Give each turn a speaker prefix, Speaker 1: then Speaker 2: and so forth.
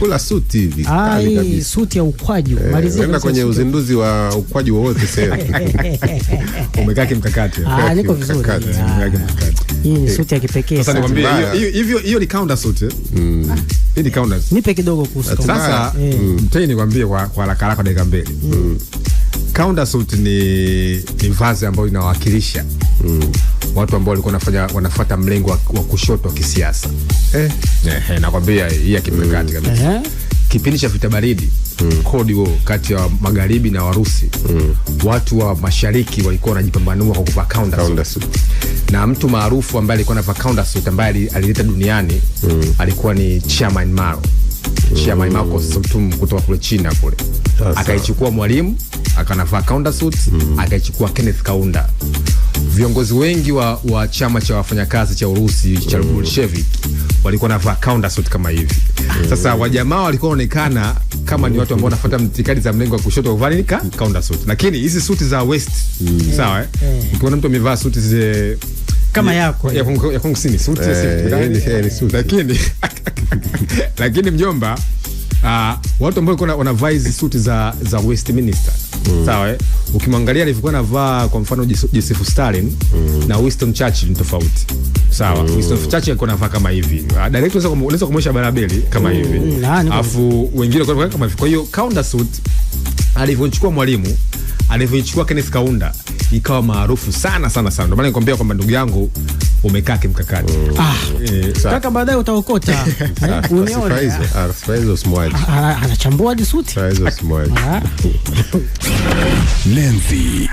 Speaker 1: Kula suti hivi
Speaker 2: Ai, Suti ya ukwaju. Eh,
Speaker 1: Malizia unaenda kwenye suti. Uzinduzi wa ukwaju wowote sasa. Umekaa kimkakati.
Speaker 2: Ah, niko vizuri. Ah. Umekaa Hii ni suti ya kipekee Sasa
Speaker 1: nikwambie hiyo hiyo hiyo ni counter suit. Mm. Hii ni counter.
Speaker 2: Nipe kidogo kuhusu.
Speaker 1: Sasa eh. hmm. mteni nikwambie kwa haraka haraka dakika mbili. Hmm. Hmm countersuit ni, ni vazi ambayo inawakilisha mm. watu ambao walikuwa wanafanya wanafuata mlengo wa, kushoto wa kisiasa eh. Eh, eh, nakwambia hii ya kimkakati mm. kabisa uh Kipindi cha vita baridi mm. Cold War kati ya magharibi na Warusi mm. watu wa mashariki walikuwa wanajipambanua kwa kuvaa counter suit, na mtu maarufu ambaye alikuwa anavaa counter suit ambaye alileta duniani mm. alikuwa ni Chairman Mao mm. Chairman Mao Kostume kutoka kule China kule, akaichukua Mwalimu akanavaa Kaunda suit mm. akaichukua Kenneth Kaunda. Viongozi wengi wa, wa chama cha wafanyakazi cha Urusi cha mm. Bolshevik walikuwa wanavaa Kaunda suit kama hivi mm. Sasa wajamaa walikuwa wanaonekana kama ni watu ambao wanafuata mtikadi za mlengo wa kushoto kuvaa ka Kaunda suit, lakini hizi suti za west mm. sawa eh? mm. ukiona mtu amevaa suti zile
Speaker 2: kama yako
Speaker 1: ya ya, ya kusini eh, suti, lakini lakini mjomba Uh, watu ambao wanavaa hizi suti za, za Westminster mm. Sawa eh? Ukimwangalia alivyokuwa anavaa kwa mfano Joseph Stalin mm. na Winston Churchill ni tofauti. Sawa mm. Winston Churchill alikuwa anavaa kama hivi director, ah, direct unaweza kumwonyesha barabeli kama mm. hivi mm, alafu wengine kwa kama hivi. Kwa hiyo counter suit alivyochukua mwalimu alivyochukua Kenneth Kaunda ikawa maarufu sana sana sana. Ndio maana nikwambia kwamba ndugu yangu umekaa kimkakati. Kaka,
Speaker 2: mm. ah, eh, eh, baadaye utaokota.
Speaker 1: Eh, ah,
Speaker 2: ah, anachambua jisuti
Speaker 1: Lenzi.